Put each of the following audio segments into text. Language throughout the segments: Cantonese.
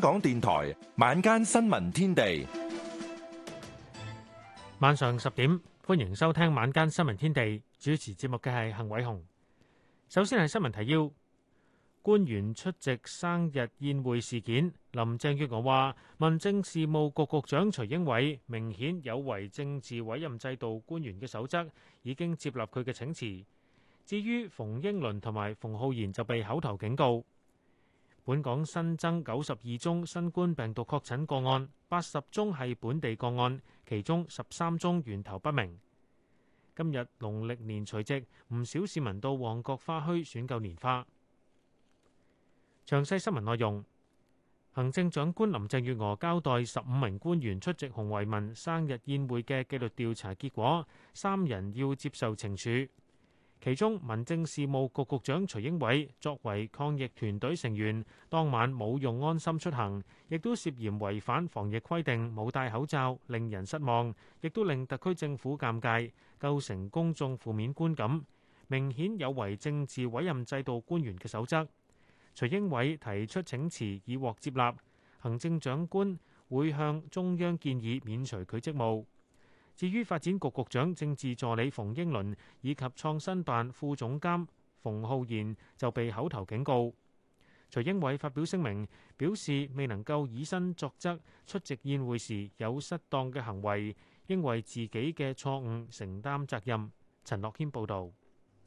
港電台晚間新聞天地，晚上十點歡迎收聽晚間新聞天地。主持節目嘅係幸偉雄。首先係新聞提要：官員出席生日宴會事件，林鄭月娥話，民政事務局局長徐英偉明顯有違政治委任制度官員嘅守則，已經接納佢嘅請辭。至於馮英倫同埋馮浩然就被口頭警告。本港新增九十二宗新冠病毒確診個案，八十宗係本地個案，其中十三宗源頭不明。今日農曆年除夕，唔少市民到旺角花墟選購年花。詳細新聞內容，行政長官林鄭月娥交代十五名官員出席洪為民生日宴會嘅紀律調查結果，三人要接受懲處。其中，民政事務局局長徐英偉作為抗疫團隊成員，當晚冇用安心出行，亦都涉嫌違反防疫規定，冇戴口罩，令人失望，亦都令特區政府尷尬，構成公眾負面觀感，明顯有違政治委任制度官員嘅守則，徐英偉提出請辭已獲接納，行政長官會向中央建議免除佢職務。至於發展局局長政治助理馮英倫以及創新辦副總監馮浩然就被口頭警告。徐英偉發表聲明，表示未能夠以身作則，出席宴會時有失當嘅行為，應為自己嘅錯誤承擔責任。陳樂軒報導。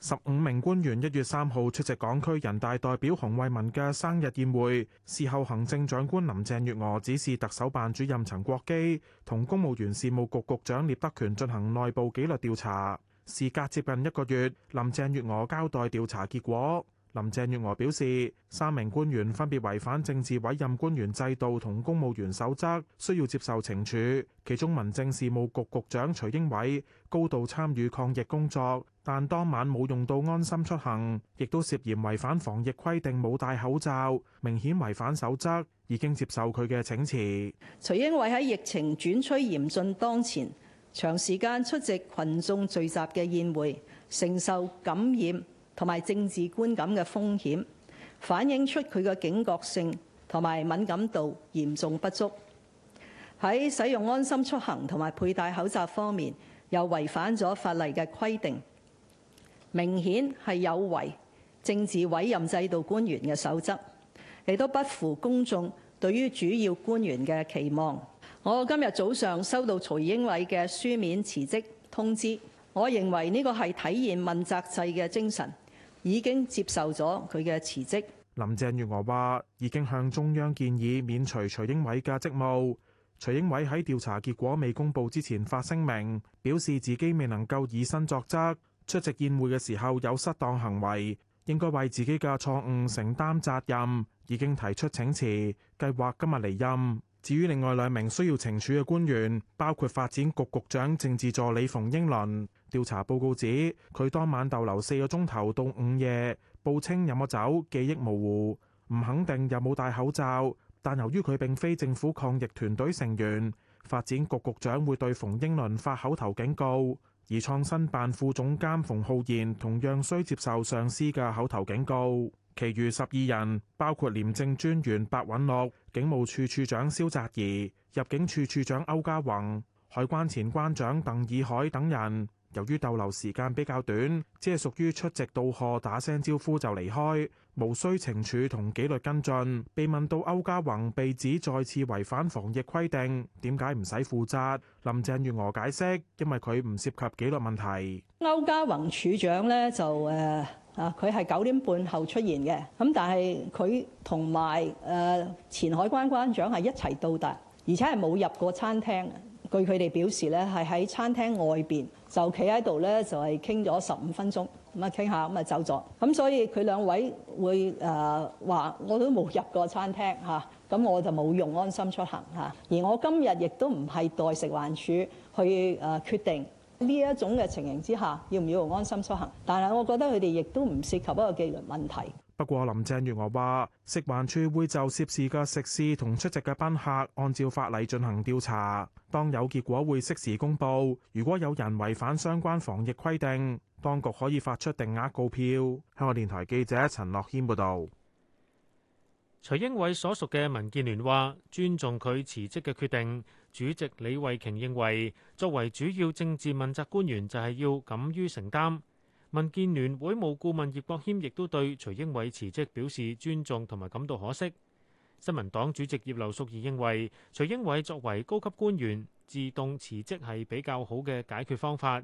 十五名官員一月三號出席港區人大代表洪為民嘅生日宴會，事後行政長官林鄭月娥指示特首辦主任陳國基同公務員事務局局長聶德權進行內部紀律調查。事隔接近一個月，林鄭月娥交代調查結果。林鄭月娥表示，三名官員分別違反政治委任官員制度同公務員守則，需要接受懲處。其中民政事務局局長徐英偉高度參與抗疫工作。但當晚冇用到安心出行，亦都涉嫌違反防疫規定，冇戴口罩，明顯違反守則，已經接受佢嘅請辭。徐英偉喺疫情轉趨嚴峻當前，長時間出席群眾聚集嘅宴會，承受感染同埋政治觀感嘅風險，反映出佢嘅警覺性同埋敏感度嚴重不足。喺使用安心出行同埋佩戴口罩方面，又違反咗法例嘅規定。明顯係有違政治委任制度官員嘅守則，亦都不符公眾對於主要官員嘅期望。我今日早上收到徐英偉嘅書面辭職通知，我認為呢個係體現問責制嘅精神，已經接受咗佢嘅辭職。林鄭月娥話已經向中央建議免除徐英偉嘅職務。徐英偉喺調查結果未公布之前發聲明，表示自己未能夠以身作則。出席宴會嘅時候有失當行為，應該為自己嘅錯誤承擔責任，已經提出請辭，計劃今日離任。至於另外兩名需要懲處嘅官員，包括發展局局長政治助理馮英倫，調查報告指佢當晚逗留四個鐘頭到午夜，報稱飲咗酒，記憶模糊，唔肯定有冇戴口罩。但由於佢並非政府抗疫團隊成員，發展局局長會對馮英倫發口頭警告。而創新辦副總監馮浩然同樣需接受上司嘅口頭警告，其餘十二人包括廉政專員白韞六、警務處處長蕭澤頤、入境處處長歐家宏、海關前關長鄧以海等人。由於逗留時間比較短，只係屬於出席到賀、打聲招呼就離開，無需懲處同紀律跟進。被問到區嘉宏被指再次違反防疫規定，點解唔使負責？林鄭月娥解釋：因為佢唔涉及紀律問題。區嘉宏處長呢就誒啊，佢係九點半後出現嘅，咁但係佢同埋誒前海關關長係一齊到達，而且係冇入過餐廳。據佢哋表示咧，係喺餐廳外邊就企喺度咧，就係傾咗十五分鐘，咁啊傾下，咁啊走咗。咁所以佢兩位會誒話，呃、我都冇入過餐廳嚇，咁、啊、我就冇用安心出行嚇、啊。而我今日亦都唔係代食環署去誒決定呢一種嘅情形之下，要唔要用安心出行？但係我覺得佢哋亦都唔涉及一個紀律問題。不過，林鄭月娥話：食環署會就涉事嘅食肆同出席嘅賓客，按照法例進行調查。當有結果，會適時公布。如果有人違反相關防疫規定，當局可以發出定額告票。香港電台記者陳樂軒報導。徐英偉所屬嘅民建聯話：尊重佢辭職嘅決定。主席李慧瓊認為，作為主要政治問責官員，就係要敢於承擔。民建聯會務顧問葉國謙亦都對徐英偉辭職表示尊重同埋感到可惜。新民黨主席葉劉淑儀認為，徐英偉作為高級官員自動辭職係比較好嘅解決方法。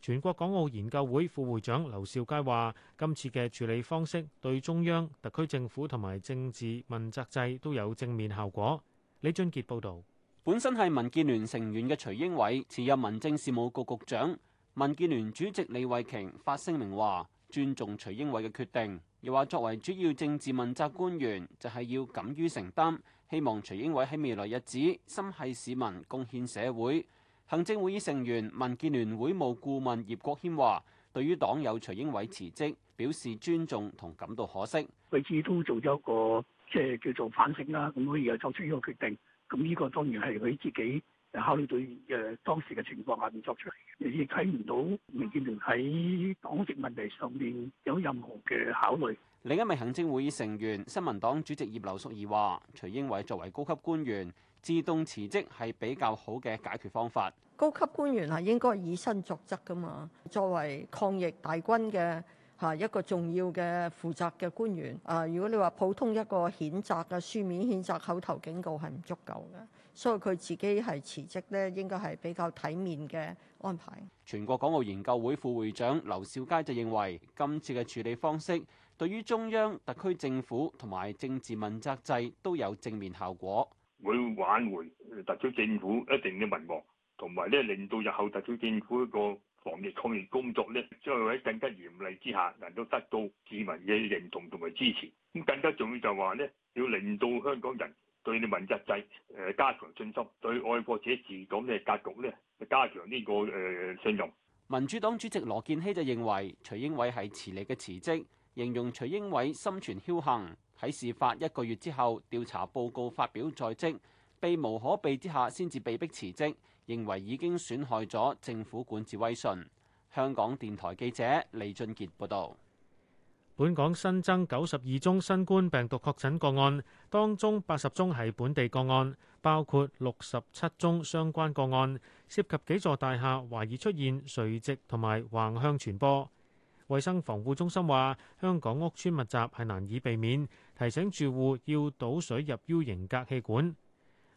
全國港澳研究會副會長劉兆佳話，今次嘅處理方式對中央、特區政府同埋政治問責制都有正面效果。李俊杰報道，本身係民建聯成員嘅徐英偉，辭任民政事務局局長。民建聯主席李慧瓊發聲明話：尊重徐英偉嘅決定，又話作為主要政治問責官員，就係要敢於承擔。希望徐英偉喺未來日子心繫市民，貢獻社會。行政會議成員、民建聯會務顧問葉國謙話：對於黨友徐英偉辭職，表示尊重同感到可惜。佢自己都做咗一個即係叫做反省啦，咁可以又作出呢個決定。咁呢個當然係佢自己考慮到誒當時嘅情況下面作出嚟，亦睇唔到民建聯喺黨籍問題上面有任何嘅考慮。另一名行政會議成員、新民黨主席葉劉淑儀話，徐英偉作為高級官員，自動辭職係比較好嘅解決方法。高級官員係應該以身作則㗎嘛，作為抗疫大軍嘅嚇一個重要嘅負責嘅官員。啊，如果你話普通一個譴責嘅書面譴責、口頭警告係唔足夠嘅。所以佢自己係辭職咧，應該，係比較體面嘅安排。全國港澳研究會副會長劉兆佳就認為，今次嘅處理方式對於中央、特區政府同埋政治問責制都有正面效果，會挽回特區政府一定嘅民望，同埋咧令到日後特區政府一個防疫抗疫工作咧，將會喺更加嚴厲之下，能夠得到市民嘅認同同埋支持。咁更加重要就話，咧，要令到香港人。對你民責制誒加強信心，對愛國者治港嘅格局呢，加強呢個誒信任。民主黨主席羅健熙就認為，徐英偉係遲嚟嘅辭職，形容徐英偉心存僥倖，喺事發一個月之後，調查報告發表在即，被無可避之下先至被迫辭職，認為已經損害咗政府管治威信。香港電台記者李俊傑報道。本港新增九十二宗新冠病毒確診個案，當中八十宗係本地個案，包括六十七宗相關個案，涉及幾座大廈懷疑出現垂直同埋橫向傳播。衛生防護中心話香港屋邨密集係難以避免，提醒住戶要倒水入 U 型隔氣管。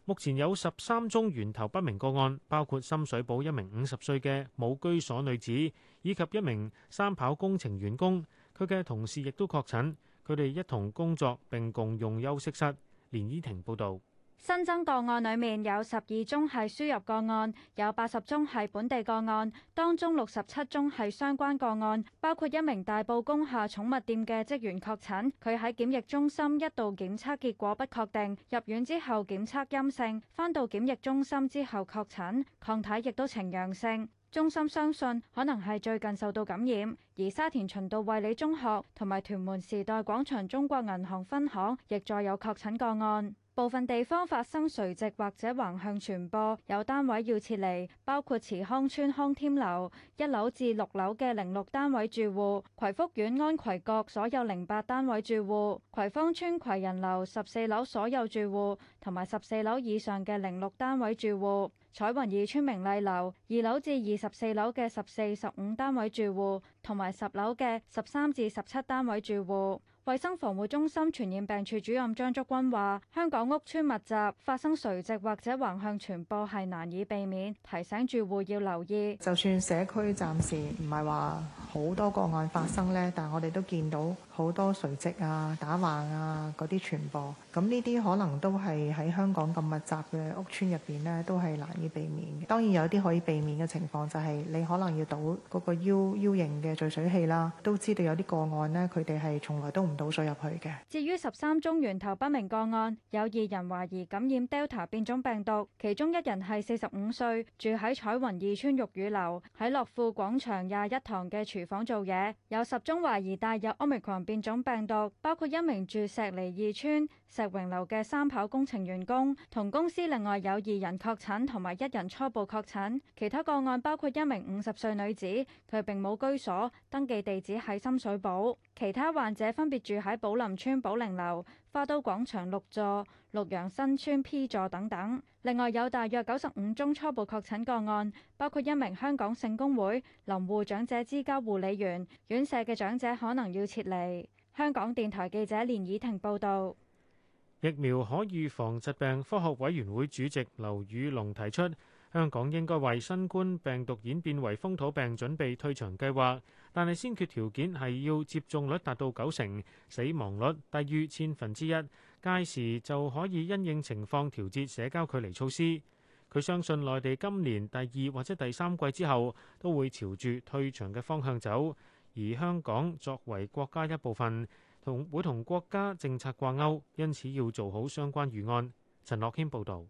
目前有十三宗源頭不明個案，包括深水埗一名五十歲嘅冇居所女子，以及一名三跑工程員工。佢嘅同事亦都確診，佢哋一同工作並共用休息室。連依婷報道，新增個案裏面有十二宗係輸入個案，有八十宗係本地個案，當中六十七宗係相關個案，包括一名大埔工廈寵物店嘅職員確診，佢喺檢疫中心一度檢測結果不確定，入院之後檢測陰性，翻到檢疫中心之後確診，抗體亦都呈陽性。中心相信可能係最近受到感染，而沙田循道衛理中學同埋屯門時代廣場中國銀行分行亦再有確診個案。部分地方發生垂直或者橫向傳播，有單位要撤離，包括慈康邨康添樓一樓至六樓嘅零六單位住戶、葵福苑安葵閣所有零八單位住戶、葵芳邨葵仁樓十四樓所有住戶同埋十四樓以上嘅零六單位住戶。彩雲二村明麗樓二樓至二十四樓嘅十四、十五單位住戶，同埋十樓嘅十三至十七單位住戶，衛生防護中心傳染病處主任張竹君話：香港屋邨密集，發生垂直或者橫向傳播係難以避免，提醒住戶要留意。就算社區暫時唔係話好多個案發生呢，但係我哋都見到。好多垂直啊、打橫啊嗰啲傳播，咁呢啲可能都係喺香港咁密集嘅屋邨入邊呢，都係難以避免嘅。當然有啲可以避免嘅情況，就係你可能要倒嗰個 U, U 型嘅聚水器啦。都知道有啲個案呢，佢哋係從來都唔倒水入去嘅。至於十三宗源頭不明個案，有二人懷疑感染 Delta 變種病毒，其中一人係四十五歲，住喺彩雲二村玉宇樓，喺樂富廣場廿一堂嘅廚房做嘢，有十宗懷疑帶入 Omicron。變種病毒包括一名住石籬二村石榮樓嘅三跑工程員工，同公司另外有二人確診，同埋一人初步確診。其他個案包括一名五十歲女子，佢並冇居所，登記地址喺深水埗。其他患者分別住喺寶林村寶靈樓。花都廣場六座、六洋新村 P 座等等，另外有大約九十五宗初步確診個案，包括一名香港聖公會林護長者之家護理員，院舍嘅長者可能要撤離。香港電台記者連以婷報導。疫苗可預防疾病科學委員會主席劉宇龍提出。香港應該為新冠病毒演變為風土病準備退場計劃，但係先決條件係要接種率達到九成，死亡率低於千分之一，屆時就可以因應情況調節社交距離措施。佢相信內地今年第二或者第三季之後都會朝住退場嘅方向走，而香港作為國家一部分，同會同國家政策掛鈎，因此要做好相關預案。陳樂軒報導。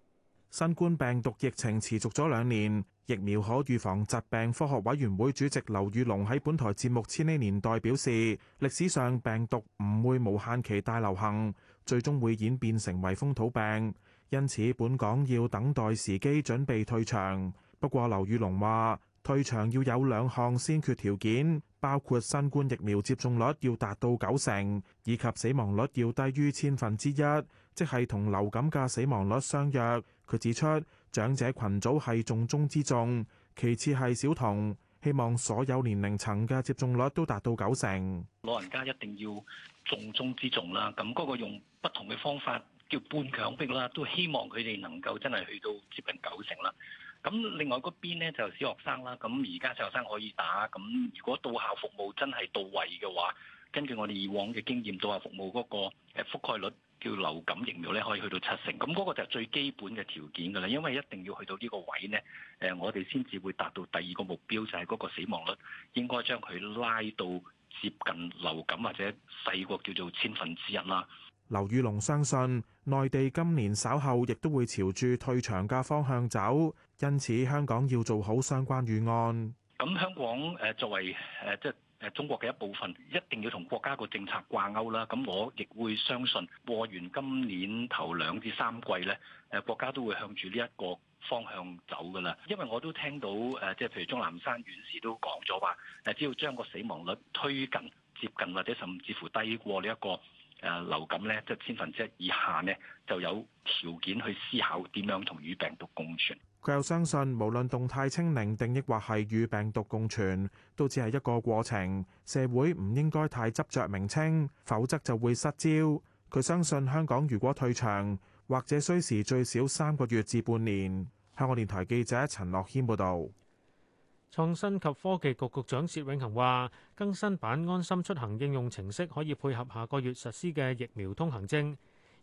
新冠病毒疫情持續咗兩年，疫苗可預防疾病科學委員會主席劉宇龍喺本台節目《千禧年代》表示，歷史上病毒唔會無限期大流行，最終會演變成為風土病，因此本港要等待時機準備退場。不過劉宇龍話退場要有兩項先決條件，包括新冠疫苗接種率要達到九成，以及死亡率要低於千分之一，即係同流感嘅死亡率相若。佢指出，長者群組係重中之重，其次係小童，希望所有年齡層嘅接種率都達到九成。老人家一定要重中之重啦，咁、那、嗰個用不同嘅方法叫半強迫啦，都希望佢哋能夠真係去到接近九成啦。咁另外嗰邊呢就是、小學生啦，咁而家小學生可以打，咁如果到校服務真係到位嘅話。根據我哋以往嘅經驗，都話服務嗰個覆蓋率叫流感疫苗咧，可以去到七成。咁嗰個就係最基本嘅條件㗎啦，因為一定要去到呢個位呢，誒我哋先至會達到第二個目標，就係嗰個死亡率應該將佢拉到接近流感或者細個叫做千分之一啦。劉宇龍相信，內地今年稍後亦都會朝住退場嘅方向走，因此香港要做好相關預案。咁香港誒作為誒即係，呃誒中國嘅一部分一定要同國家個政策掛鈎啦，咁我亦會相信過完今年頭兩至三季咧，誒國家都會向住呢一個方向走噶啦，因為我都聽到誒，即係譬如鍾南山院士都講咗話，誒只要將個死亡率推近接近或者甚至乎低過呢一個誒流感咧，即係千分之一以下咧，就有條件去思考點樣同與病毒共存。佢又相信，無論動態清零定抑或係與病毒共存，都只係一個過程。社會唔應該太執着名稱，否則就會失焦。佢相信香港如果退場，或者需時最少三個月至半年。香港電台記者陳樂軒報導。創新及科技局局長薛永恆話：更新版安心出行應用程式可以配合下個月實施嘅疫苗通行證。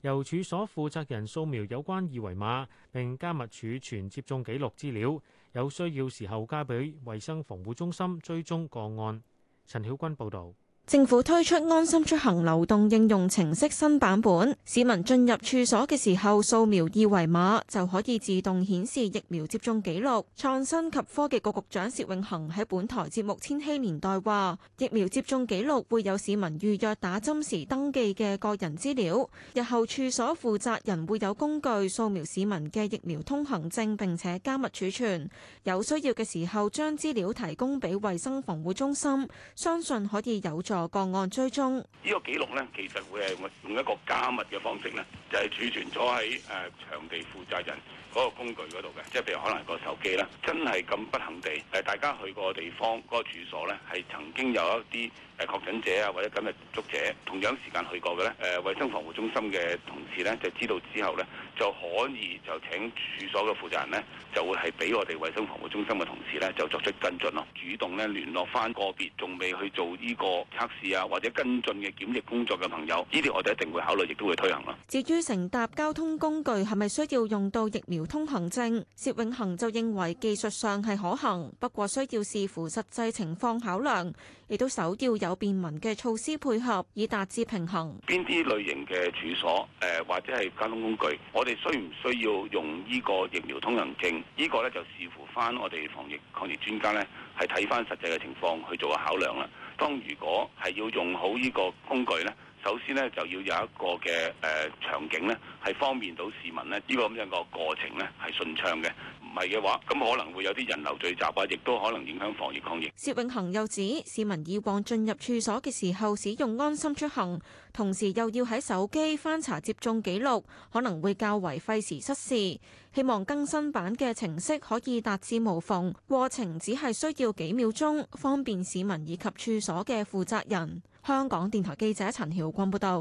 由處所負責人掃描有關二維碼，並加密儲存接種記錄資料。有需要時候交俾衛生防護中心追蹤個案。陳曉君報導。政府推出安心出行流動應用程式新版本，市民進入處所嘅時候掃描二維碼就可以自動顯示疫苗接種記錄。創新及科技局局長薛永恒喺本台節目《千禧年代》話：疫苗接種記錄會有市民預約打針時登記嘅個人資料。日後處所負責人會有工具掃描市民嘅疫苗通行證，並且加密儲存。有需要嘅時候將資料提供俾衛生防護中心，相信可以有助。個案追蹤呢個記錄咧，其實會係用一個加密嘅方式咧，就係、是、儲存咗喺誒場地負責人嗰個工具嗰度嘅，即係譬如可能係個手機啦，真係咁不幸地誒，大家去過地方嗰、那個住所咧，係曾經有一啲。誒確診者啊，或者緊密接觸者同樣時間去過嘅咧，誒衛生防護中心嘅同事咧就知道之後咧就可以就請處所嘅負責人呢，就會係俾我哋衛生防護中心嘅同事咧就作出跟進咯，主動咧聯絡翻個別仲未去做呢個測試啊或者跟進嘅檢疫工作嘅朋友，呢啲我哋一定會考慮，亦都會推行咯。至於乘搭交通工具係咪需要用到疫苗通行證？薛永恒就認為技術上係可行，不過需要視乎實際情況考量。亦都首要有便民嘅措施配合，以達至平衡。邊啲類型嘅處所，誒、呃、或者係交通工具，我哋需唔需要用呢個疫苗通行證呢？呢個咧就視乎翻我哋防疫抗疫專家咧，係睇翻實際嘅情況去做個考量啦，當如果係要用好呢個工具咧。首先呢，就要有一個嘅、誒場景咧，係方便到市民呢，呢個咁樣個過程咧係順暢嘅。唔係嘅話，咁可能會有啲人流聚集啊，亦都可能影響防疫抗疫。薛永恒又指，市民以往進入處所嘅時候，使用安心出行，同時又要喺手機翻查接種記錄，可能會較為費時失事。希望更新版嘅程式可以達至無縫過程，只係需要幾秒鐘，方便市民以及處所嘅負責人。香港電台記者陳曉君報道，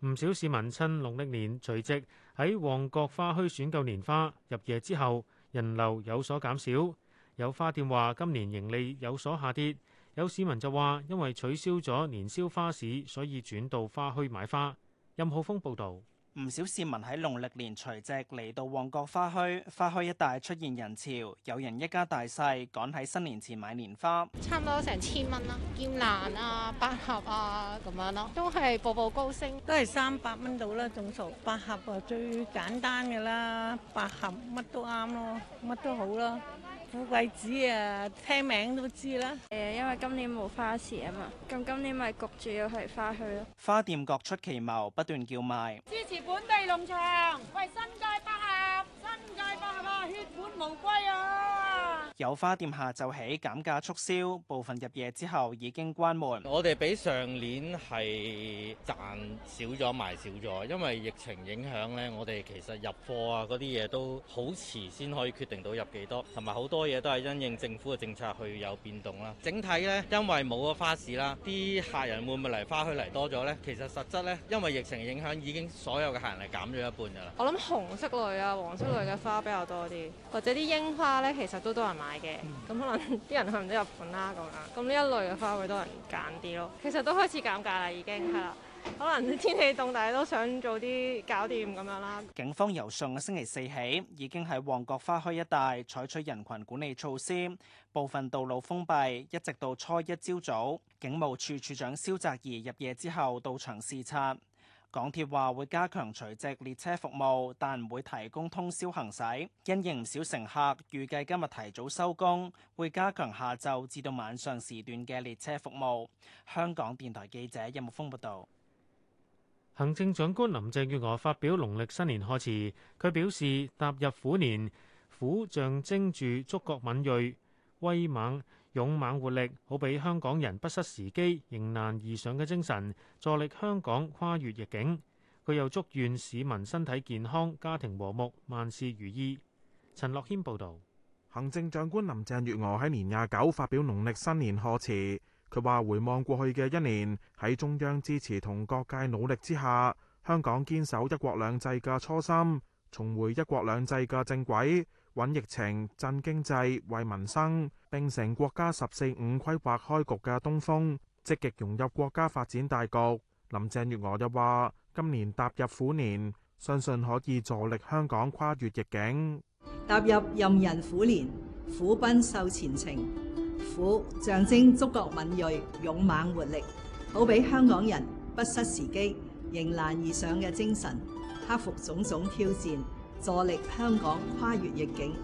唔少市民趁農曆年除夕喺旺角花墟選購年花。入夜之後人流有所減少，有花店話今年盈利有所下跌。有市民就話，因為取消咗年宵花市，所以轉到花墟買花。任浩峰報道。唔少市民喺農曆年除夕嚟到旺角花墟，花墟一帶出現人潮，有人一家大細趕喺新年前買年花，差唔多成千蚊啦，劍蘭啊，百合啊咁樣咯，都係步步高升，都係三百蚊到啦總數，百合啊最簡單㗎啦，百合乜都啱咯，乜都好啦。富貴子啊！聽名都知啦。誒，因為今年冇花市啊嘛，咁今年咪焗住要去花墟咯。花店各出奇謀，不斷叫賣。支持本地農場，喂，新界百合，新界百合啊，血本無歸啊！有花店下晝起減價促銷，部分入夜之後已經關門。我哋比上年係賺少咗，賣少咗，因為疫情影響咧，我哋其實入貨啊嗰啲嘢都好遲先可以決定到入幾多，同埋好多嘢都係因應政府嘅政策去有變動啦。整體咧，因為冇咗花市啦，啲客人會唔會嚟花墟嚟多咗咧？其實實質咧，因為疫情影響，已經所有嘅客人係減咗一半噶啦。我諗紅色類啊、黃色類嘅花比較多啲，或者啲櫻花咧，其實都都係買嘅，咁可能啲人去唔到日本啦咁樣，咁呢一類嘅花卉會多人揀啲咯。其實都開始減價啦，已經係啦。可能天氣凍，大家都想做啲搞掂咁樣啦。警方由上個星期四起已經喺旺角花墟一帶採取人群管理措施，部分道路封閉，一直到初一朝早。警務處處長蕭澤怡入夜之後到場視察。港鐵話會加強除夕列車服務，但唔會提供通宵行駛。因應唔少乘客預計今日提早收工，會加強下晝至到晚上時段嘅列車服務。香港電台記者任木峯報道。行政長官林鄭月娥發表農曆新年賀詞，佢表示踏入虎年，虎象徵住觸覺敏銳威猛。勇猛活力，好比香港人不失時機，迎難而上嘅精神，助力香港跨越逆境。佢又祝願市民身體健康、家庭和睦、萬事如意。陳樂謙報道。行政長官林鄭月娥喺年廿九發表農曆新年賀詞，佢話回望過去嘅一年，喺中央支持同各界努力之下，香港堅守一國兩制嘅初心，重回一國兩制嘅正軌。穩疫情、振經濟、惠民生，並成國家十四五規劃開局嘅東風，積極融入國家發展大局。林鄭月娥又話：今年踏入虎年，相信可以助力香港跨越逆境。踏入壬寅虎年，虎奔受前程，虎象徵觸覺敏銳、勇猛活力，好比香港人不失時機、迎難而上嘅精神，克服種種挑戰。助力香港跨越逆境，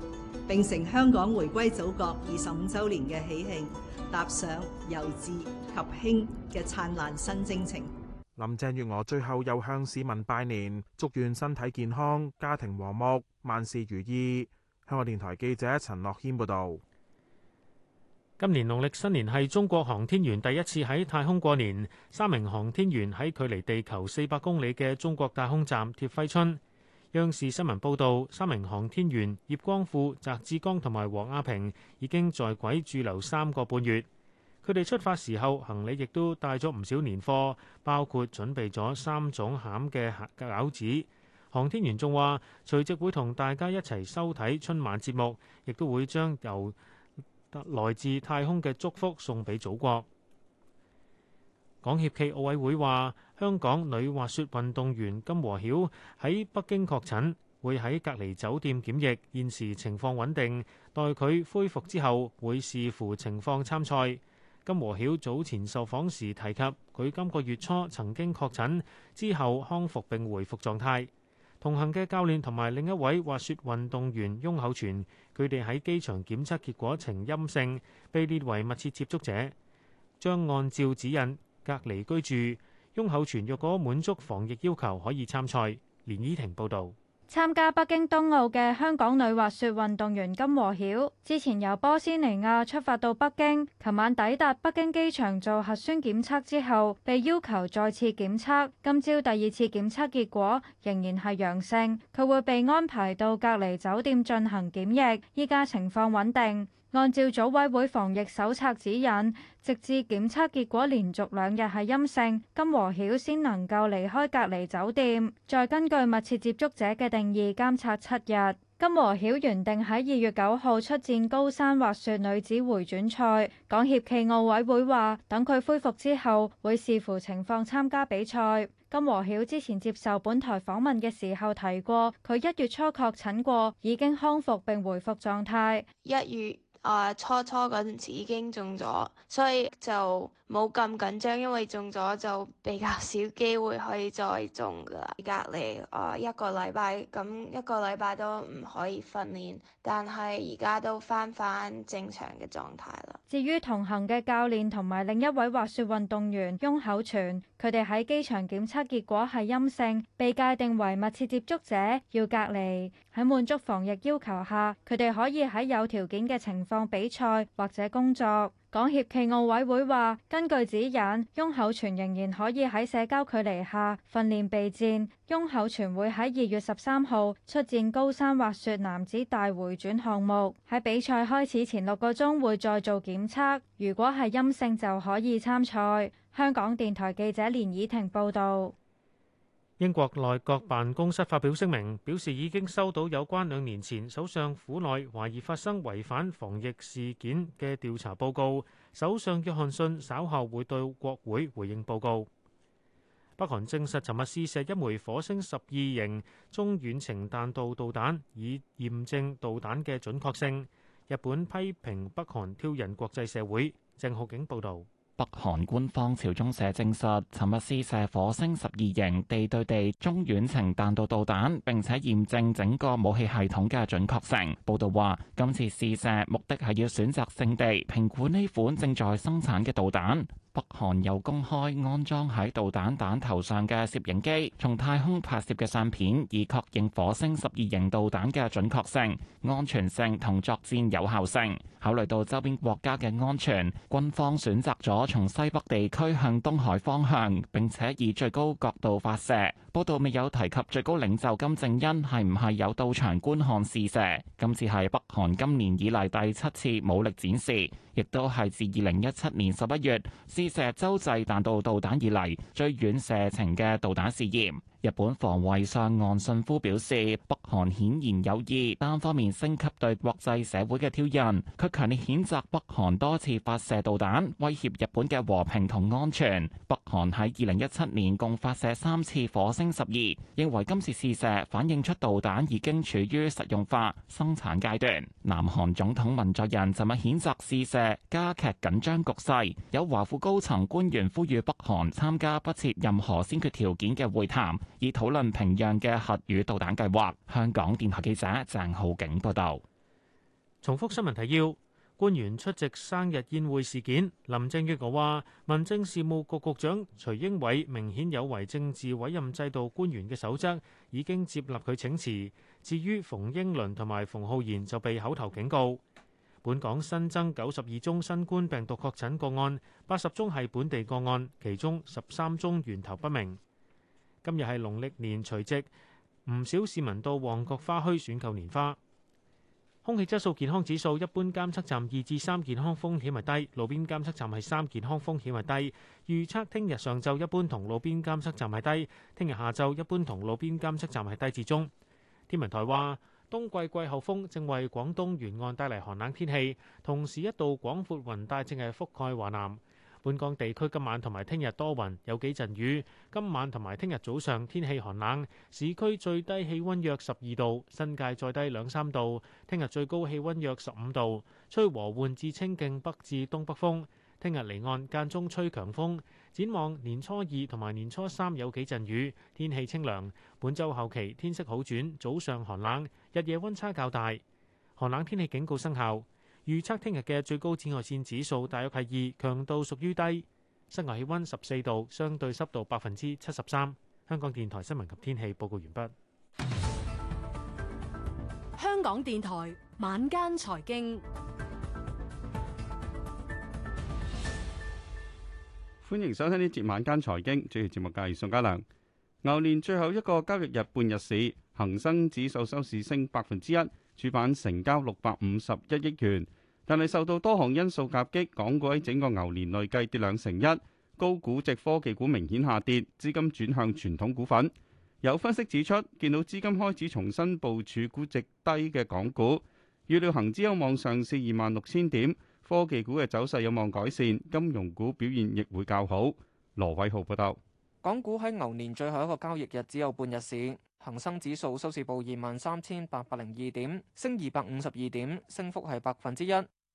並成香港回歸祖國二十五周年嘅喜慶，踏上由治及興嘅燦爛新征程。林鄭月娥最後又向市民拜年，祝願身體健康、家庭和睦、萬事如意。香港電台記者陳樂謙報道。今年農曆新年係中國航天員第一次喺太空過年，三名航天員喺距離地球四百公里嘅中國太空站貼揮春。央視新聞報道，三名航天員葉光富、翟志剛同埋王亞平已經在軌駐留三個半月。佢哋出發時候，行李亦都帶咗唔少年貨，包括準備咗三種餡嘅餃子。航天員仲話，隨即會同大家一齊收睇春晚節目，亦都會將由來自太空嘅祝福送俾祖國。港協暨奧委會話。香港女滑雪運動員金和曉喺北京確診，會喺隔離酒店檢疫，現時情況穩定。待佢恢復之後會視乎情況參賽。金和曉早前受訪時提及，佢今個月初曾經確診之後康復並回復狀態。同行嘅教練同埋另一位滑雪運動員翁厚全，佢哋喺機場檢測結果呈陰性，被列為密切接觸者，將按照指引隔離居住。擁口全若果滿足防疫要求可以參賽。連依婷報道，參加北京冬奧嘅香港女滑雪運動員金和曉之前由波斯尼亞出發到北京，琴晚抵達北京機場做核酸檢測之後，被要求再次檢測。今朝第二次檢測結果仍然係陽性，佢會被安排到隔離酒店進行檢疫，依家情況穩定。按照組委會防疫手冊指引，直至檢測結果連續兩日係陰性，金和曉先能夠離開隔離酒店，再根據密切接觸者嘅定義監察七日。金和曉原定喺二月九號出戰高山滑雪女子迴轉賽，港協暨奧委會話等佢恢復之後會視乎情況參加比賽。金和曉之前接受本台訪問嘅時候提過，佢一月初確診過，已經康復並恢復狀態。一月。啊，初初嗰陣時已經中咗，所以就，冇咁緊張，因為中咗就比較少機會可以再中㗎啦。隔離啊，一個禮拜，咁一個禮拜都唔可以訓練，但係而家都返返正常嘅狀態啦。至於同行嘅教練同埋另一位滑雪運動員翁口全，佢哋喺機場檢測結果係陰性，被界定為密切接觸者，要隔離。喺滿足防疫要求下，佢哋可以喺有條件嘅情況比賽或者工作。港協暨奧委會話：根據指引，翁厚全仍然可以喺社交距離下訓練備戰。翁厚全會喺二月十三號出戰高山滑雪男子大回轉項目。喺比賽開始前六個鐘會再做檢測，如果係陰性就可以參賽。香港電台記者連以婷報導。英國內閣辦公室發表聲明，表示已經收到有關兩年前首相府內懷疑發生違反防疫事件嘅調查報告。首相約翰遜稍後會對國會回應報告。北韓證實尋日試射一枚火星十二型中遠程彈道導彈，以驗證導彈嘅準確性。日本批評北韓挑釁國際社會。鄭浩景報導。北韓官方朝中社證實，尋日試射火星十二型地對地中遠程彈道導彈，並且驗證整個武器系統嘅準確性。報道話，今次試射目的係要選擇勝地，評估呢款正在生產嘅導彈。北韓又公開安裝喺導彈彈頭上嘅攝影機，從太空拍攝嘅相片，以確認火星十二型導彈嘅準確性、安全性同作戰有效性。考慮到周邊國家嘅安全，軍方選擇咗從西北地區向東海方向，並且以最高角度發射。報道未有提及最高領袖金正恩係唔係有到場觀看試射。今次係北韓今年以嚟第七次武力展示，亦都係自二零一七年十一月試射洲際彈道導彈以嚟最遠射程嘅導彈試驗。日本防衛相岸信夫表示，北韓顯然有意單方面升級對國際社會嘅挑釁，佢強烈譴責北韓多次發射導彈威脅日本嘅和平同安全。北韓喺二零一七年共發射三次火星十二，認為今次試射反映出導彈已經處於實用化生產階段。南韓總統文在寅昨日譴責試射，加劇緊張局勢，有華府高層官員呼籲北韓參加不設任何先決條件嘅會談。以討論平壤嘅核與導彈計劃。香港電台記者鄭浩景報道。重複新聞提要：官員出席生日宴會事件，林鄭月娥話，民政事務局局局長徐英偉明顯有違政治委任制度，官員嘅守則已經接納佢請辭。至於馮英倫同埋馮浩然就被口頭警告。本港新增九十二宗新冠病毒確診個案，八十宗係本地個案，其中十三宗源頭不明。今日係農曆年除夕，唔少市民到旺角花墟選購年花。空氣質素健康指數一般監測站二至三，健康風險係低，路邊監測站係三，健康風險係低。預測聽日上晝一般同路邊監測站係低，聽日下晝一般同路邊監測站係低至中。天文台話，冬季季候風正為廣東沿岸帶嚟寒冷天氣，同時一道廣闊雲帶正係覆蓋華南。本港地區今晚同埋聽日多雲，有幾陣雨。今晚同埋聽日早上天氣寒冷，市區最低氣溫約十二度，新界再低兩三度。聽日最高氣溫約十五度，吹和緩至清勁北至東北風。聽日離岸間中吹強風。展望年初二同埋年初三有幾陣雨，天氣清涼。本週後期天色好轉，早上寒冷，日夜溫差較大。寒冷天氣警告生效。預測聽日嘅最高紫外線指數大約係二，強度屬於低。室外氣溫十四度，相對濕度百分之七十三。香港電台新聞及天氣報告完畢。香港電台晚間財經，歡迎收聽呢節晚間財經。主持節目嘅係宋嘉良。牛年最後一個交易日半日市，恒生指數收市升百分之一，主板成交六百五十一億元。但係受到多項因素夾擊，港股喺整個牛年累計跌兩成一，高估值科技股明顯下跌，資金轉向傳統股份。有分析指出，見到資金開始重新部署估值低嘅港股。預料恒指有望上試二萬六千點，科技股嘅走勢有望改善，金融股表現亦會較好。羅偉浩報道，港股喺牛年最後一個交易日只有半日市，恒生指數收市報二萬三千八百零二點，升二百五十二點，升幅係百分之一。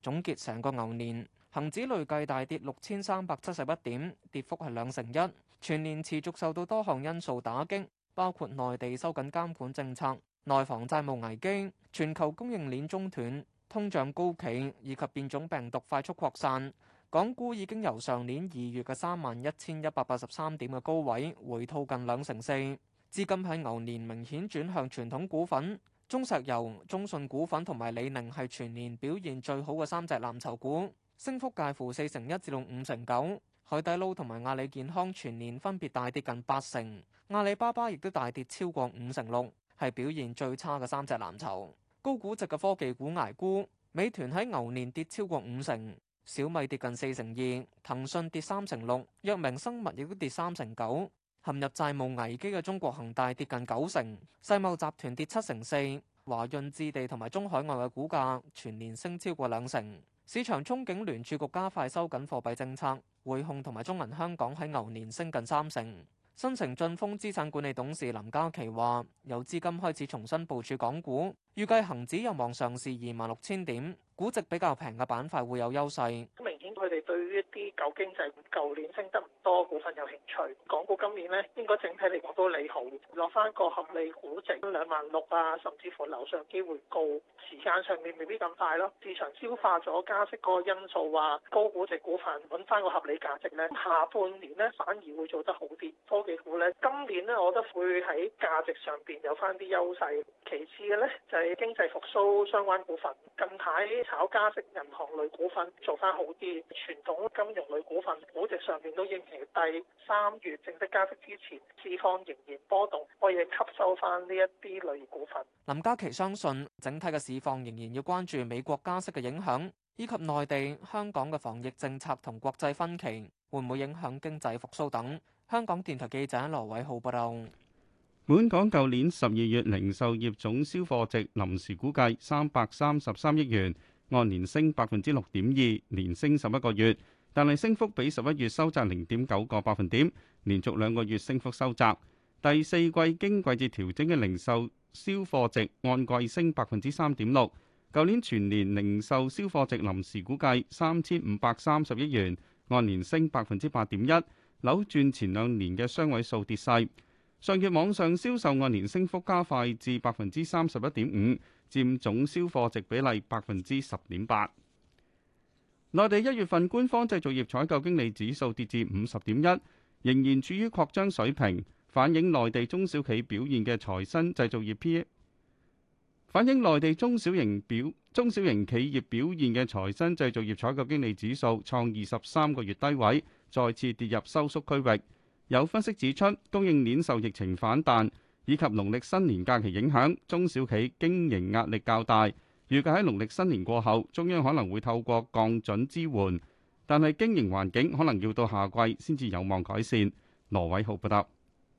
總結成個牛年，恒指累計大跌六千三百七十一點，跌幅係兩成一。全年持續受到多項因素打擊，包括內地收緊監管政策、內房債務危機、全球供應鏈中斷、通脹高企以及變種病毒快速擴散。港股已經由上年二月嘅三萬一千一百八十三點嘅高位回吐近兩成四，資金喺牛年明顯轉向傳統股份。中石油、中信股份同埋李寧係全年表現最好嘅三隻藍籌股，升幅介乎四成一至到五成九。9, 海底撈同埋阿里健康全年分別大跌近八成，阿里巴巴亦都大跌超過五成六，係表現最差嘅三隻藍籌。高估值嘅科技股挨沽，美團喺牛年跌超過五成，小米跌近四成二，騰訊跌三成六，藥明生物亦都跌三成九。陷入債務危機嘅中國恒大跌近九成，世茂集團跌七成四，華潤置地同埋中海外嘅股價全年升超過兩成。市場憧憬聯儲局加快收緊貨幣政策，匯控同埋中銀香港喺牛年升近三成。新城進鋒資產管理董事林嘉琪話：有資金開始重新部署港股，預計恒指有望上市二萬六千點，估值比較平嘅板塊會有優勢。對於一啲舊經濟、舊年升得唔多股份有興趣。港股今年咧應該整體嚟講都利好，落翻個合理估值兩萬六啊，甚至乎樓上機會高。時間上面未必咁快咯。市場消化咗加息嗰個因素，話高估值股份揾翻個合理價值呢，下半年呢反而會做得好啲。科技股呢，今年呢我覺得會喺價值上面有翻啲優勢。其次嘅呢，就係經濟復甦相關股份，近排炒加息銀行類股份做翻好啲。傳金融類股份估值上面都應承第三月正式加息之前，市況仍然波動，可以吸收翻呢一啲類股份。林嘉琪相信，整體嘅市況仍然要關注美國加息嘅影響，以及內地、香港嘅防疫政策同國際分歧，會唔會影響經濟復甦等。香港電台記者羅偉浩報道。本港舊年十二月零售業總銷貨值臨時估計三百三十三億元。按年升百分之六點二，連升十一個月，但係升幅比十一月收窄零點九個百分點，連續兩個月升幅收窄。第四季經季節調整嘅零售銷貨值按季升百分之三點六，舊年全年零售銷貨值臨時估計三千五百三十億元，按年升百分之八點一，扭轉前兩年嘅雙位數跌勢。上月網上銷售按年升幅加快至百分之三十一點五。佔總銷貨值比例百分之十點八。內地一月份官方製造業採購經理指數跌至五十點一，仍然處於擴張水平，反映內地中小企表現嘅財新製造業 P。反映內地中小型表中小型企業表現嘅財新製造業採購經理指數創二十三個月低位，再次跌入收縮區域。有分析指出，供應鏈受疫情反彈，以及農曆新年假期影響，中小企經營壓力較大。預計喺農曆新年過後，中央可能會透過降準支援，但係經營環境可能要到夏季先至有望改善。羅偉浩報道。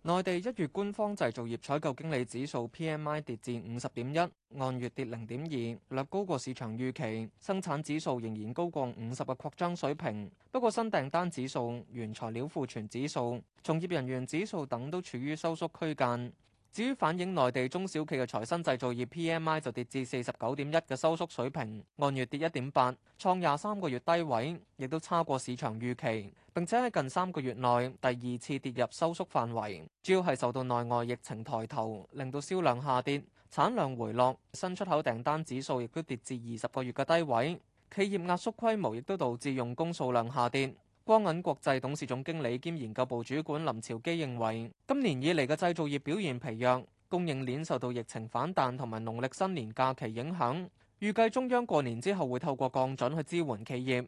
內地一月官方製造業採購經理指數 P.M.I 跌至五十點一，按月跌零點二，略高過市場預期。生產指數仍然高過五十嘅擴張水平，不過新訂單指數、原材料庫存指數、從業人員指數等都處於收縮區間。至於反映內地中小企嘅財新製造業 PMI 就跌至四十九點一嘅收縮水平，按月跌一點八，創廿三個月低位，亦都差過市場預期。並且喺近三個月內第二次跌入收縮範圍，主要係受到內外疫情抬頭，令到銷量下跌、產量回落，新出口訂單指數亦都跌至二十個月嘅低位，企業壓縮規模亦都導致用工數量下跌。光銀國際董事總經理兼研究部主管林朝基認為，今年以來嘅製造業表現疲弱，供應鏈受到疫情反彈同埋農曆新年假期影響，預計中央過年之後會透過降準去支援企業。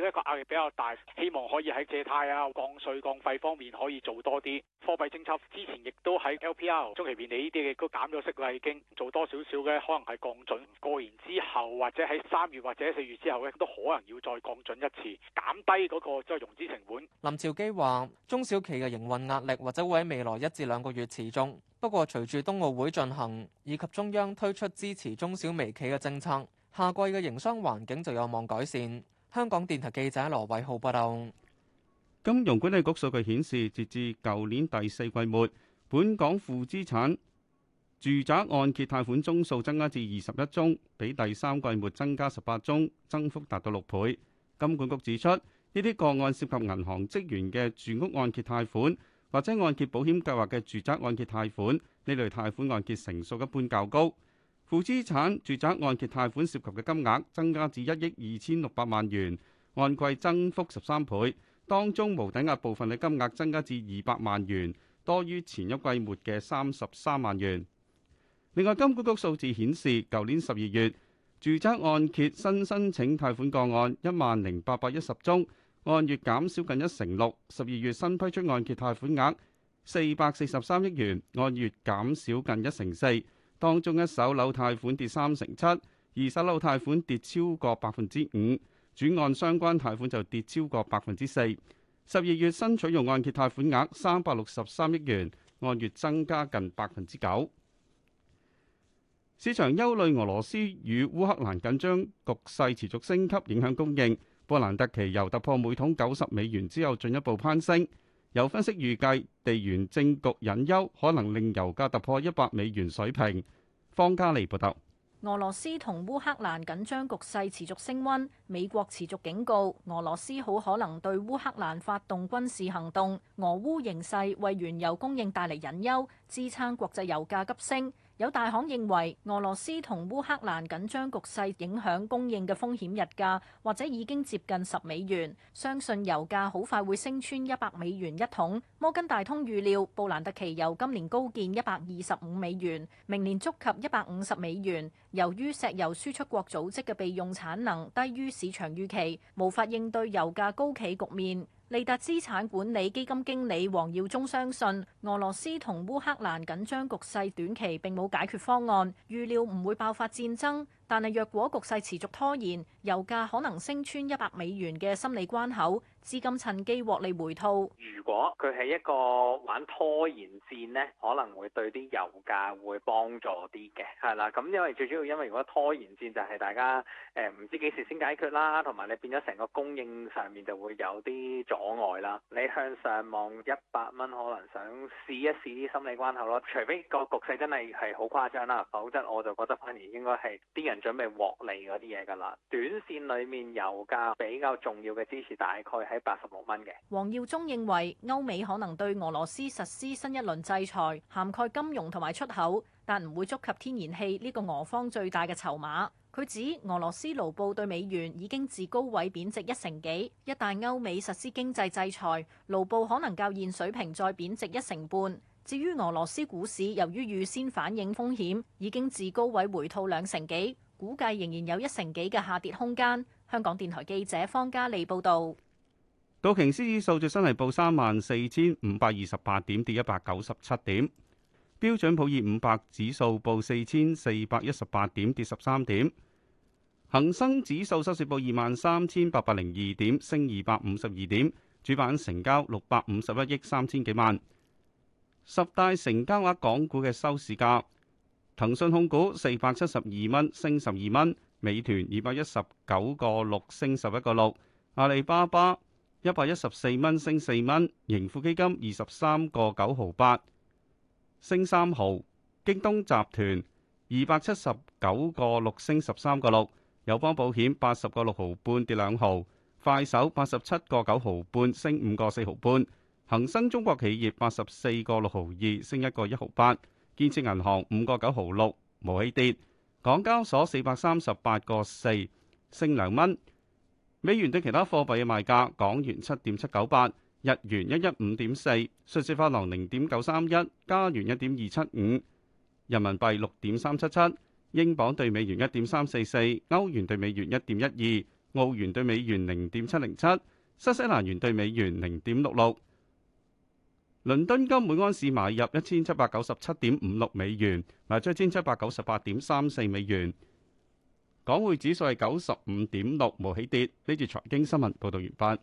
呢一個壓力比較大，希望可以喺借貸啊、降稅降費方面可以做多啲貨幣政策。之前亦都喺 LPR 中期便利呢啲嘅都減咗息啦，已經做多少少嘅，可能係降準過年之後，或者喺三月或者四月之後咧，都可能要再降準一次，減低嗰個即係融資成本。林兆基話：中小企嘅營運壓力或者會喺未來一至兩個月持續，不過隨住冬奧會進行以及中央推出支持中小微企嘅政策，夏季嘅營商環境就有望改善。香港電台記者羅偉浩報道，金融管理局數據顯示，截至舊年第四季末，本港負資產住宅按揭貸款宗數增加至二十一宗，比第三季末增加十八宗，增幅達到六倍。金管局指出，呢啲個案涉及銀行職員嘅住屋按揭貸款，或者按揭保險計劃嘅住宅按揭貸款，呢類貸款按揭成數一般較高。負資產住宅按揭貸款涉及嘅金額增加至一億二千六百萬元，按季增幅十三倍。當中無抵押部分嘅金額增加至二百萬元，多於前一季末嘅三十三萬元。另外，金管局數字顯示，舊年十二月住宅按揭新申請貸款個案一萬零八百一十宗，按月減少近一成六。十二月新批出按揭貸款額四百四十三億元，按月減少近一成四。當中一手樓貸款跌三成七，二手樓貸款跌超過百分之五，轉按相關貸款就跌超過百分之四。十二月新取用按揭貸款額三百六十三億元，按月增加近百分之九。市場憂慮俄羅斯與烏克蘭緊張局勢持續升級，影響供應。布蘭特期油突破每桶九十美元之後，進一步攀升。有分析預計，地緣政局隱憂可能令油價突破一百美元水平。方嘉利報道，俄羅斯同烏克蘭緊張局勢持續升温，美國持續警告俄羅斯好可能對烏克蘭發動軍事行動。俄烏形勢為原油供應帶嚟隱憂，支撐國際油價急升。有大行認為，俄羅斯同烏克蘭緊張局勢影響供應嘅風險溢價，或者已經接近十美元。相信油價好快會升穿一百美元一桶。摩根大通預料，布蘭特期油今年高見一百二十五美元，明年觸及一百五十美元。由於石油輸出國組織嘅備用產能低於市場預期，無法應對油價高企局面。利達資產管理基金經理黃耀忠相信，俄羅斯同烏克蘭緊張局勢短期並冇解決方案，預料唔會爆發戰爭，但係若果局勢持續拖延，油價可能升穿一百美元嘅心理關口。資金趁機獲利回吐。如果佢係一個玩拖延戰呢，可能會對啲油價會幫助啲嘅，係啦。咁因為最主要因為如果拖延戰就係大家誒、呃、唔知幾時先解決啦，同埋你變咗成個供應上面就會有啲阻礙啦。你向上望一百蚊，可能想試一試啲心理關口咯。除非個局勢真係係好誇張啦，否則我就覺得反而應該係啲人準備獲利嗰啲嘢㗎啦。短線裡面油價比較重要嘅支持大概係八十六蚊嘅黃耀忠認為歐美可能對俄羅斯實施新一輪制裁，涵蓋金融同埋出口，但唔會觸及天然氣呢個俄方最大嘅籌碼。佢指俄羅斯盧布對美元已經自高位貶值一成幾，一旦歐美實施經濟制裁，盧布可能較現水平再貶值一成半。至於俄羅斯股市，由於預先反映風險，已經自高位回吐兩成幾，估計仍然有一成幾嘅下跌空間。香港電台記者方嘉利報導。道瓊斯指數最新係報三萬四千五百二十八點，跌一百九十七點。標準普爾五百指數報四千四百一十八點，跌十三點。恒生指數收市報二萬三千八百零二點，升二百五十二點。主板成交六百五十一億三千幾萬。十大成交額港股嘅收市價：騰訊控股四百七十二蚊，升十二蚊；美團二百一十九個六，升十一個六；阿里巴巴。一百一十四蚊，升四蚊，盈富基金二十三個九毫八，升三毫，京東集團二百七十九個六，升十三個六，友邦保險八十個六毫半，跌兩毫，快手八十七個九毫半，升五個四毫半，恒生中國企業八十四個六毫二，升一個一毫八，建設銀行五個九毫六，冇起跌，港交所四百三十八個四，升兩蚊。美元對其他貨幣嘅賣價：港元七點七九八，日元一一五點四，瑞士法郎零點九三一，加元一點二七五，人民幣六點三七七，英鎊對美元一點三四四，歐元對美元一點一二，澳元對美元零點七零七，新西蘭元對美元零點六六。倫敦金每安士買入一千七百九十七點五六美元，賣出一千七百九十八點三四美元。港匯指數係九十五點六，無起跌。呢段財經新聞報道完畢。